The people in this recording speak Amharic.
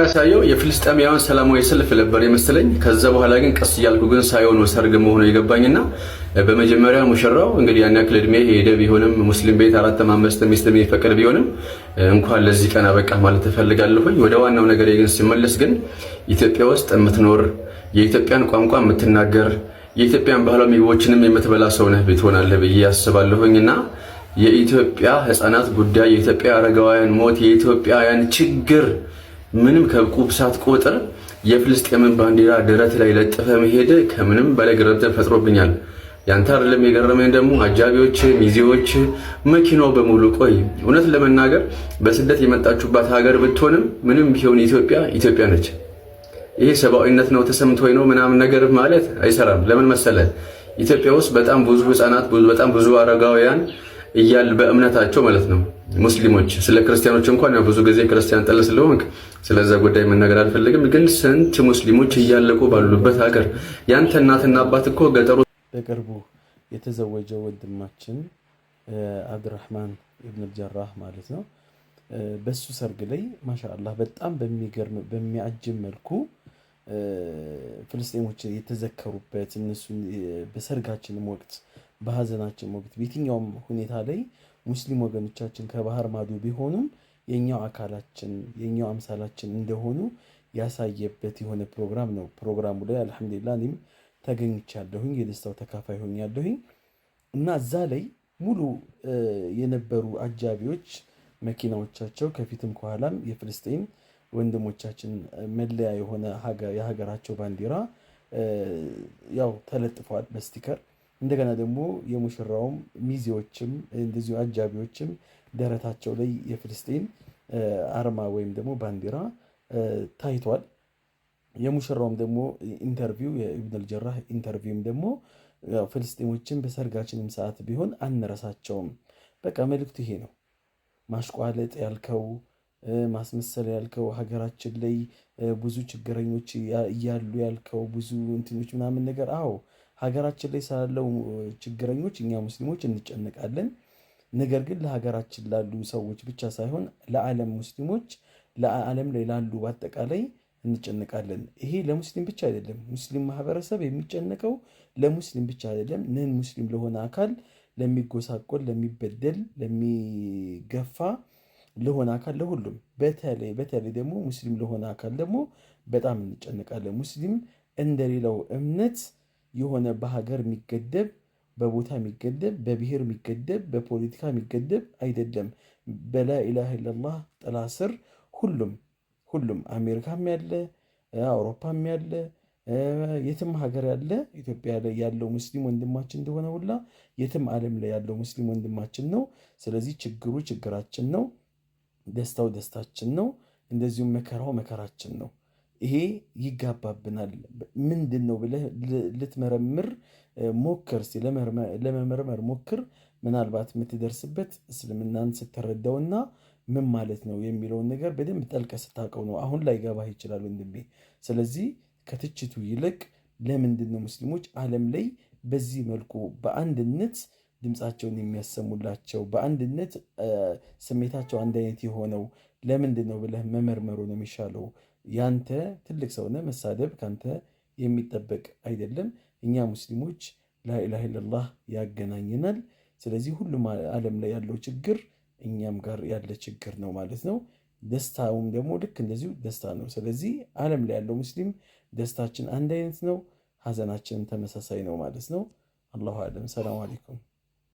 ያሳየው የፍልስጤማውያን ሰላማዊ ሰልፍ ነበር የመሰለኝ። ከዛ በኋላ ግን ቀስ እያልኩ ግን ሳይሆን ሰርግ መሆኑ የገባኝና በመጀመሪያ ሙሽራው እንግዲህ ያን ያክል እድሜ ሄደ ቢሆንም ሙስሊም ቤት አራትም አምስት ሚስት የሚፈቅድ ቢሆንም እንኳን ለዚህ ቀን አበቃ ማለት እፈልጋለሁኝ። ወደ ዋናው ነገር ግን ሲመለስ ግን ኢትዮጵያ ውስጥ የምትኖር የኢትዮጵያን ቋንቋ የምትናገር የኢትዮጵያን ባህላዊ ምግቦችንም የምትበላ ሰው ነህ ትሆናለህ ብዬ አስባለሁኝ እና የኢትዮጵያ ህፃናት ጉዳይ የኢትዮጵያ አረጋውያን ሞት የኢትዮጵያውያን ችግር ምንም ከቁብ ቆጥር የፍልስጤምን ባንዲራ ደረት ላይ ለጥፈ መሄድ ከምንም በላይ ግርምትን ፈጥሮብኛል። ያንተ አይደለም የገረመኝ ደግሞ አጃቢዎች፣ ሚዜዎች፣ መኪናው በሙሉ። ቆይ እውነት ለመናገር በስደት የመጣችሁባት ሀገር ብትሆንም ምንም ቢሆን ኢትዮጵያ ኢትዮጵያ ነች። ይሄ ሰብአዊነት ነው ተሰምቶ ነው ምናምን ነገር ማለት አይሰራም። ለምን መሰለ ኢትዮጵያ ውስጥ በጣም ብዙ ህጻናት፣ በጣም ብዙ አረጋውያን እያል በእምነታቸው ማለት ነው ሙስሊሞች ስለ ክርስቲያኖች እንኳን ብዙ ጊዜ ክርስቲያን ጠለ ስለሆንክ ስለዛ ጉዳይ መናገር አልፈልግም። ግን ስንት ሙስሊሞች እያለቁ ባሉበት ሀገር ያንተ እናትና አባት እኮ ገጠሩ በቅርቡ የተዘወጀ ወንድማችን አብድራህማን ኢብን ጀራህ ማለት ነው። በሱ ሰርግ ላይ ማሻአላህ በጣም በሚገርም በሚያጅም መልኩ ፍልስጤሞች የተዘከሩበት እነሱ በሰርጋችንም ወቅት በሀዘናችን ወቅት በየትኛውም ሁኔታ ላይ ሙስሊም ወገኖቻችን ከባህር ማዶ ቢሆኑም የእኛው አካላችን የእኛው አምሳላችን እንደሆኑ ያሳየበት የሆነ ፕሮግራም ነው። ፕሮግራሙ ላይ አልሐምዱሊላህ እኔም ተገኝቻለሁኝ የደስታው ተካፋይ ሆኛለሁኝ እና እዛ ላይ ሙሉ የነበሩ አጃቢዎች መኪናዎቻቸው ከፊትም ከኋላም የፍልስጤን ወንድሞቻችን መለያ የሆነ የሀገራቸው ባንዲራ ያው ተለጥፏል በስቲከር እንደገና ደግሞ የሙሽራውም ሚዜዎችም እንደዚሁ አጃቢዎችም ደረታቸው ላይ የፍልስጤን አርማ ወይም ደግሞ ባንዲራ ታይቷል። የሙሽራውም ደግሞ ኢንተርቪው የኢብኑል ጀራህ ኢንተርቪውም ደግሞ ፍልስጤሞችን በሰርጋችንም ሰዓት ቢሆን አንረሳቸውም። በቃ መልእክቱ ይሄ ነው። ማሽቋለጥ ያልከው ማስመሰል ያልከው ሀገራችን ላይ ብዙ ችግረኞች እያሉ ያልከው ብዙ እንትኖች ምናምን ነገር አዎ ሀገራችን ላይ ስላለው ችግረኞች እኛ ሙስሊሞች እንጨነቃለን። ነገር ግን ለሀገራችን ላሉ ሰዎች ብቻ ሳይሆን ለዓለም ሙስሊሞች ለዓለም ላይ ላሉ በአጠቃላይ እንጨነቃለን። ይሄ ለሙስሊም ብቻ አይደለም። ሙስሊም ማህበረሰብ የሚጨነቀው ለሙስሊም ብቻ አይደለም፣ ነን ሙስሊም ለሆነ አካል፣ ለሚጎሳቆል፣ ለሚበደል፣ ለሚገፋ ለሆነ አካል ለሁሉም፣ በተለይ በተለይ ደግሞ ሙስሊም ለሆነ አካል ደግሞ በጣም እንጨነቃለን። ሙስሊም እንደሌላው እምነት የሆነ በሀገር የሚገደብ በቦታ የሚገደብ በብሔር የሚገደብ በፖለቲካ የሚገደብ አይደለም። በላኢላሃ ኢለላህ ጥላ ስር ሁሉም ሁሉም አሜሪካም ያለ አውሮፓም ያለ የትም ሀገር ያለ ኢትዮጵያ ላይ ያለው ሙስሊም ወንድማችን እንደሆነ ሁላ የትም ዓለም ላይ ያለው ሙስሊም ወንድማችን ነው። ስለዚህ ችግሩ ችግራችን ነው፣ ደስታው ደስታችን ነው፣ እንደዚሁም መከራው መከራችን ነው። ይሄ ይጋባብናል ምንድን ነው ብለህ ልትመረምር ሞክር፣ ለመመርመር ሞክር። ምናልባት የምትደርስበት እስልምናን ስተረዳውና ምን ማለት ነው የሚለውን ነገር በደንብ ጠልቀ ስታውቀው ነው አሁን ላይ ገባህ ይችላል ወንድሜ። ስለዚህ ከትችቱ ይልቅ ለምንድን ነው ሙስሊሞች አለም ላይ በዚህ መልኩ በአንድነት ድምፃቸውን የሚያሰሙላቸው በአንድነት ስሜታቸው አንድ አይነት የሆነው ለምንድን ነው ብለህ መመርመሩ ነው የሚሻለው። ያንተ ትልቅ ሰውነ መሳደብ ካንተ የሚጠበቅ አይደለም። እኛ ሙስሊሞች ላኢላሃ ኢለላህ ያገናኘናል። ስለዚህ ሁሉም ዓለም ላይ ያለው ችግር እኛም ጋር ያለ ችግር ነው ማለት ነው። ደስታውም ደግሞ ልክ እንደዚሁ ደስታ ነው። ስለዚህ ዓለም ላይ ያለው ሙስሊም ደስታችን አንድ አይነት ነው፣ ሀዘናችን ተመሳሳይ ነው ማለት ነው። አላሁ አለም። ሰላም አለይኩም